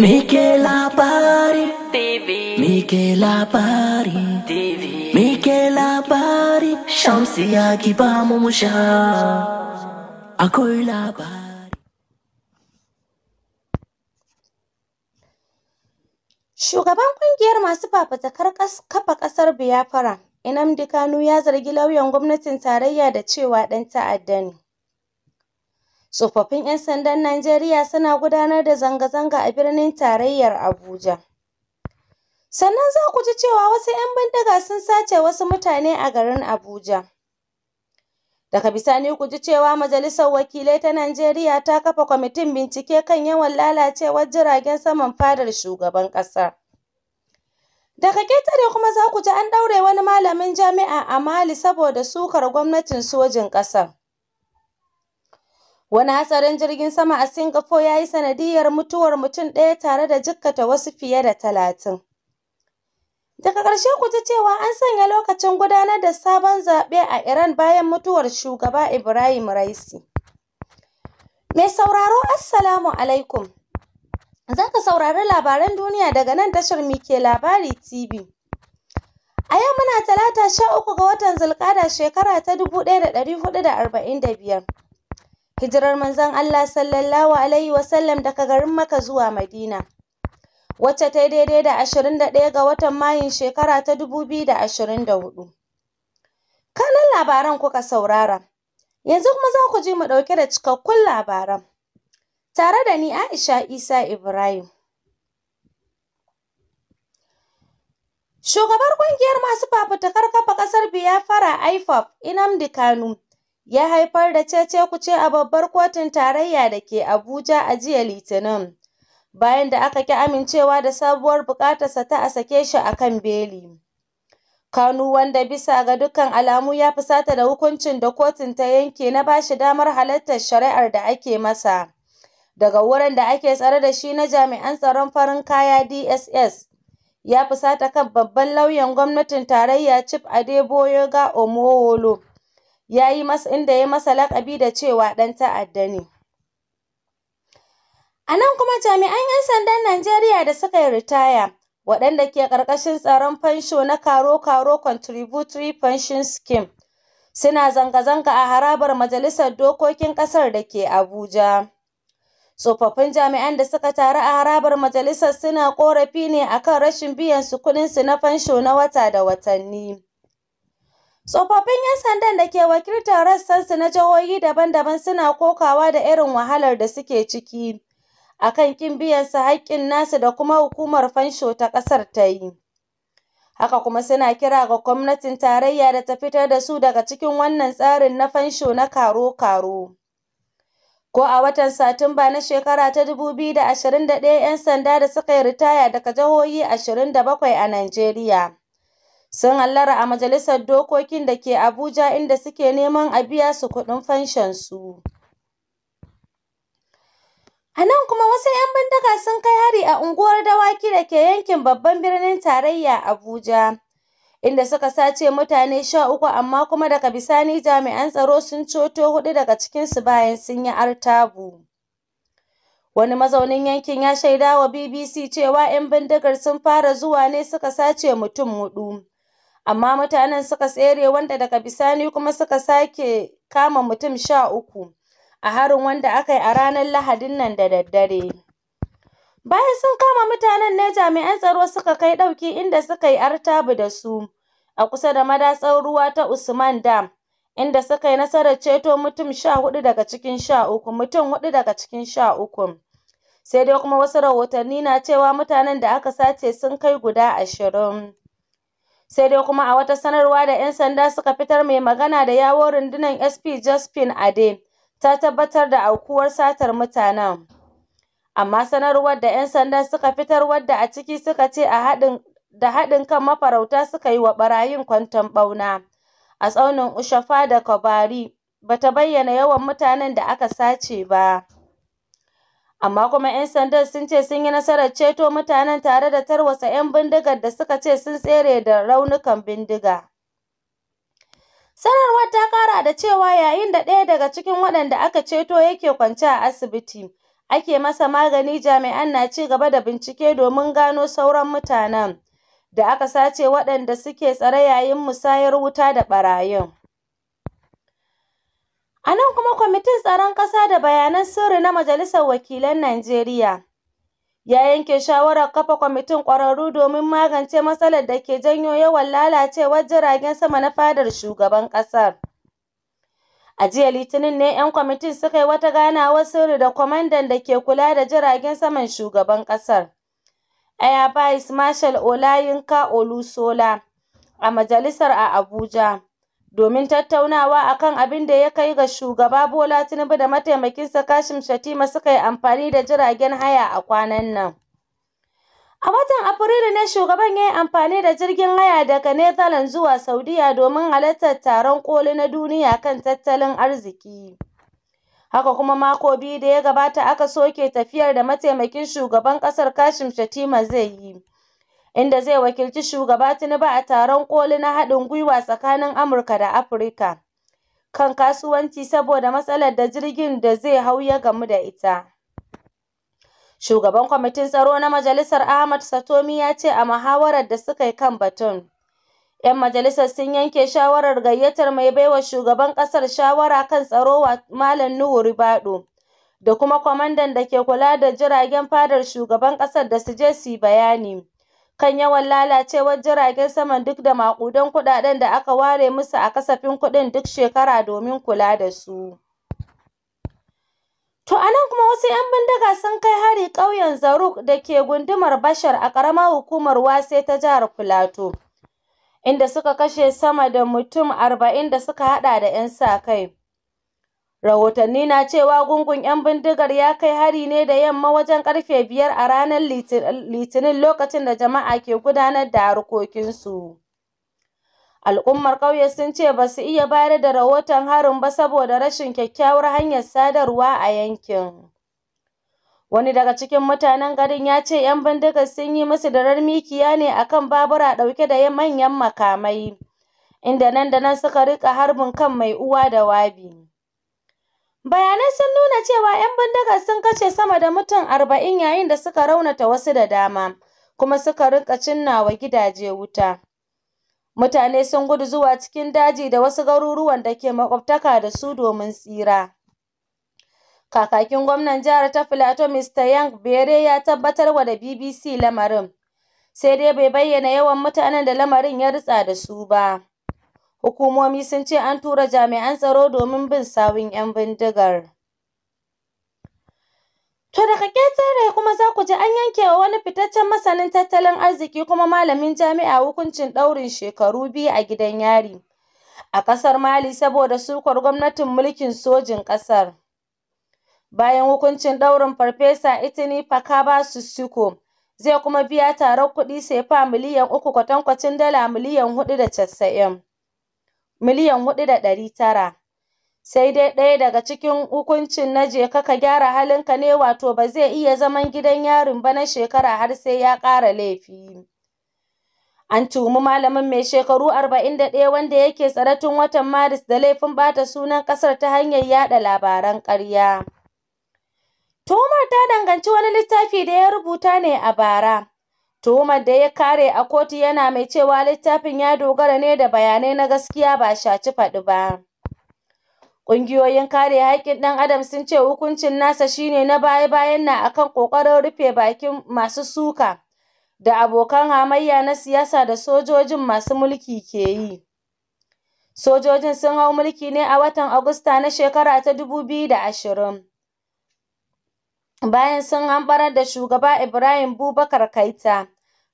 Mike labari TV Mike labari TV Mike labari Shamsi ya kiba musha Akwai labari Shugaban kungiyar masu fafatakar kafa kasar Biafra Inamdi Kanu ya zargi lauyan gwamnatin tarayya da cewa ɗan ta'adda ne. Tsofaffin 'yan sandan Najeriya suna gudanar da zanga-zanga a birnin tarayyar Abuja. Sannan za ku ji cewa wasu 'yan bindiga sun sace wasu mutane a garin Abuja. Daga bisani ku ji cewa Majalisar Wakilai ta Najeriya ta kafa kwamitin bincike kan yawan lalacewar jiragen saman fadar shugaban ƙasar. Daga ƙetare kuma za ku ji an ɗaure wani malamin jami'a a Mali saboda sukar gwamnatin sojin ƙasar. Wani hatsarin jirgin sama a Singapore ya yi sanadiyar mutuwar mutum ɗaya tare da jikkata wasu fiye da talatin. Daga ƙarshe ku ji cewa an sanya lokacin gudanar da sabon zaɓe a Iran bayan mutuwar shugaba Ibrahim Raisi. Mai sauraro Assalamu alaikum. Za ka saurari labaran duniya daga nan tashar Mike Labari TV. A yau muna talata sha uku ga watan Zulƙada shekara ta dubu ɗaya da ɗari hudu da arba'in da biyar. hijirar manzon Allah sallallahu alaihi wasallam daga garin Makka zuwa Madina wacce ta daidai da 21 ga watan Mayun shekara ta 2024 kanan labaran kuka saurara yanzu kuma za ku je mu ɗauke da cikakkun labaran tare da ni Aisha Isa Ibrahim Shugabar ƙungiyar masu fafutukar kafa ƙasar Biafra IFOP Inamdi Kanu ya haifar da cece-kuce a babbar kotun tarayya da ke Abuja a jiya Litinin, bayan da aka ki amincewa da sabuwar buƙatarsa ta a sake shi a kan beli. Kanu wanda bisa ga dukkan alamu ya fusata da hukuncin da kotun ta yanke na ba shi damar halartar shari'ar da ake masa. Daga wurin da ake tsare da shi na jami'an tsaron farin kaya DSS, ya fusata kan babban lauyan gwamnatin tarayya Chief Adeboyega Omoholo. ya yi masa inda ya masa lakabi da cewa ɗan ta'adda ne. A nan kuma jami'an 'yan sandan Najeriya da suka yi ritaya waɗanda ke ƙarƙashin tsaron fansho na Karo-Karo Contributory Pension Scheme suna zanga-zanga a harabar Majalisar Dokokin ƙasar da ke Abuja. Tsofaffin jami'an da suka taru a harabar majalisar suna ƙorafi ne akan rashin biyan su kuɗinsu na fansho na wata da watanni. Tsofaffin 'yan sandan da ke wakiltar rassansu na jihohi daban-daban suna kokawa da irin wahalar da suke ciki a kan ƙin biyan su haƙƙin nasu da kuma hukumar fansho ta ƙasar ta yi. Haka kuma suna kira ga gwamnatin tarayya da ta fitar da su daga cikin wannan tsarin na fansho na karo-karo. Ko a watan Satumba na shekara ta 2021 'yan sanda da suka yi ritaya daga jihohi 27 a Najeriya. sun hallara a majalisar dokokin da ke Abuja inda suke neman a biya su kuɗin fanshan su. A nan kuma wasu 'yan bindiga sun kai hari a unguwar dawaki da ke yankin babban birnin tarayya Abuja, inda suka sace mutane sha uku amma kuma daga bisani jami'an tsaro sun coto hudu daga cikinsu bayan sun yi artabu. Wani mazaunin yankin ya shaidawa BBC cewa 'yan bindigar sun fara zuwa ne suka sace mutum hudu. amma mutanen suka tsere wanda daga bisani kuma suka sake kama mutum sha uku a harin wanda aka yi a ranar Lahadin nan da daddare. Bayan sun kama mutanen ne jami'an tsaro suka kai ɗauki inda suka yi artabu da su a kusa da madatsar ruwa ta Usman Dam inda suka yi nasarar ceto mutum sha hudu daga cikin sha uku mutum hudu daga cikin sha uku. Sai dai kuma wasu rahotanni na cewa mutanen da aka sace sun kai guda ashirin. sai dai kuma a wata sanarwa da 'yan sanda suka fitar mai magana da yawon rundunar SP Josephine Ade ta tabbatar da aukuwar satar mutanen. Amma sanarwar da 'yan sanda suka fitar wadda a ciki suka ce a haɗin da haɗin kan mafarauta suka yi wa ɓarayin kwanton ɓauna a tsaunin Ushafa da Kobari bata bayyana yawan mutanen da aka sace ba. Amma kuma 'yan sandan sun ce sun yi nasarar ceto mutanen tare da tarwasa 'yan bindigar da suka ce sun tsere da raunukan bindiga. Sanarwar ta ƙara da cewa yayin da ɗaya daga cikin waɗanda aka ceto yake kwance a asibiti, ake masa magani jami'an na ci gaba da bincike domin gano sauran mutanen da aka sace waɗanda suke tsare yayin musayar wuta da ɓarayin. A nan kuma kwamitin tsaron ƙasa da bayanan sirri na Majalisar Wakilan Najeriya ya yanke shawarar kafa kwamitin ƙwararru domin magance matsalar da ke janyo yawan lalacewar jiragen sama na fadar shugaban ƙasar. A jiya Litinin ne 'yan kwamitin suka yi wata ganawar sirri da kwamandan da ke kula da jiragen saman shugaban ƙasar. Air Vice Marshal Olayinka Olusola a majalisar a Abuja. domin tattaunawa akan abin da ya kai ga shugaba Bola Tinubu da mataimakinsa Kashim Shatima suka yi amfani da jiragen haya a kwanan nan. A watan Afrilu ne shugaban ya yi amfani da jirgin haya daga Netherlands zuwa Saudiya domin halartar taron koli na duniya kan tattalin arziki. Haka kuma mako biyu da ya gabata aka soke tafiyar da mataimakin shugaban ƙasar Kashim Shatima zai yi. inda zai wakilci shugaba Tinubu a taron koli na haɗin gwiwa tsakanin Amurka da Afirka kan kasuwanci saboda matsalar da jirgin da zai hau ya gamu da ita. Shugaban kwamitin tsaro na majalisar Ahmad Satomi ya ce a muhawarar da suka yi kan batun. 'Yan majalisar sun yanke shawarar gayyatar mai baiwa shugaban ƙasar shawara kan tsaro Malam Nuhu Ribaɗo da kuma kwamandan da ke kula da jiragen fadar shugaban ƙasar da su je su yi bayani. kan yawan lalacewar jiragen saman duk da maƙudan kuɗaɗen da aka ware musu a kasafin kuɗin duk shekara domin kula da su. To a nan kuma wasu 'yan bindiga sun kai hari ƙauyen Zaruk da ke gundumar Bashar a ƙaramar hukumar Wase ta jihar Filato, inda suka kashe sama da mutum arba'in da suka haɗa da 'yan sa-kai. Rahotanni na cewa gungun 'yan bindigar ya kai hari ne da yamma wajen karfe biyar a ranar Litinin lokacin da jama'a ke gudanar da harkokinsu. Al'ummar ƙauye sun ce ba su iya bayar da rahoton harin ba saboda rashin kyakkyawar hanyar sadarwa a yankin. Wani daga cikin mutanen garin ya ce ‘yan bindigar sun yi musu darar mikiya ne a kan babura ɗauke da manyan makamai, inda nan da nan suka riƙa harbin kan mai uwa da wabi. Bayanai sun nuna cewa 'yan bindigar sun kashe sama da mutum arba'in yayin da suka raunata wasu da dama, kuma suka rinka cinnawa gidaje wuta. Mutane sun gudu zuwa cikin daji da wasu garuruwan da ke makwabtaka da su domin tsira. Kakakin gwamnan jihar ta Filato Mr. Yang Bere ya tabbatar wa da BBC lamarin, sai dai bai bayyana yawan mutanen da lamarin ya ritsa da su ba. Hukumomi sun ce an tura jami'an tsaro domin bin sawun 'yan bindigar. To daga ƙetare kuma za ku ji an yanke wa wani fitaccen masanin tattalin arziki kuma malamin jami'a hukuncin ɗaurin shekaru biyu a gidan yari a ƙasar Mali saboda sukar gwamnatin mulkin sojin ƙasar. Bayan hukuncin ɗaurin Farfesa Itini Fakaba Sussuko zai kuma biya taron kuɗi sefa miliyan uku kwatankwacin dala miliyan huɗu da casa'in. miliyan hudu da ɗari tara. Sai dai ɗaya daga cikin hukuncin na je ka ka gyara ka ne wato ba zai iya zaman gidan yarin ba na shekara har sai ya ƙara laifi. An tuhumi malamin mai shekaru arba'in da ɗaya wanda yake tsare tun watan Maris da laifin ɓata sunan ƙasar ta hanyar yaɗa labaran ƙarya. Tuhumar ta danganci wani littafi da ya rubuta ne a bara Tuhumar da ya kare a kotu yana mai cewa littafin ya dogara ne da bayanai na gaskiya ba shaci faɗi ba. Ƙungiyoyin kare haƙƙin ɗan adam sun ce hukuncin nasa shine na baya-bayan na akan ƙoƙarin rufe bakin masu suka da abokan hamayya na siyasa da sojojin masu mulki ke yi. Sojojin sun hau mulki ne a watan Agusta na shekara ta dubu biyu da ashirin. bayan sun hamɓarar da shugaba Ibrahim Bubakar Kaita.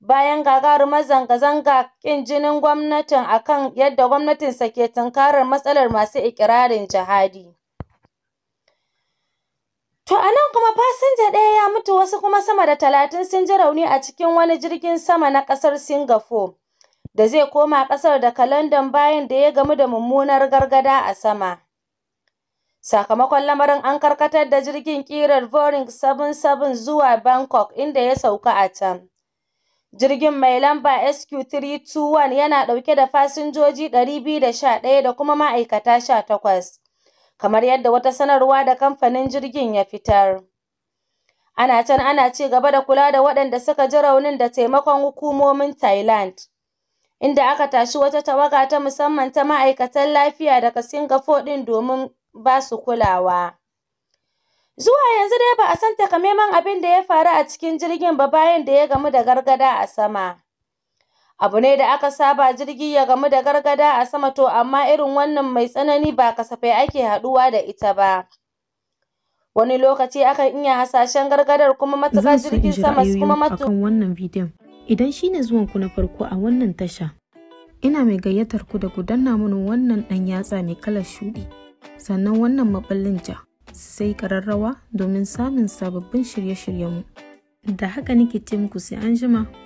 Bayan gagarumar zanga-zanga ƙin jinin gwamnatin akan yadda gwamnatinsa ke tunkarar matsalar masu iƙirarin jihadi. To a nan kuma fasinja ɗaya ya mutu wasu kuma sama da talatin sun ji rauni a cikin wani jirgin sama na ƙasar Singapore da zai koma ƙasar daga London bayan da ya gamu da mummunar gargada a sama. Sakamakon lamarin an karkatar da jirgin kirar Boeing 77 zuwa Bangkok inda ya sauka a can. Jirgin mai lamba SQ321 yana ɗauke da fasinjoji 211 da kuma ma'aikata 18, kamar yadda wata sanarwa da kamfanin jirgin ya fitar. Ana can ana ci gaba da kula da waɗanda suka ji raunin da taimakon hukumomin Thailand, inda aka tashi wata tawaga ta musamman ta ma'aikatan lafiya daga Singapore ɗin domin basu kulawa. Zuwa yanzu dai ba a san takamaiman abin da ya faru a cikin jirgin ba bayan da ya gamu da gargada a sama. Abu ne da aka saba jirgi ya gamu da gargada a sama to amma irin wannan mai tsanani ba kasafai ake haɗuwa da ita ba. Wani lokaci akan iya hasashen gargadar kuma matuƙar jirgin sama su kuma matu. akan wannan bidiyon. Idan shi ne zuwanku na farko a wannan tasha, ina mai gayyatar ku da ku danna mana wannan ɗan yatsa mai kalar shuɗi. sannan wannan maɓallin ja sai kararrawa domin samun sababbin shirye-shiryenmu da haka nake ce muku sai an jima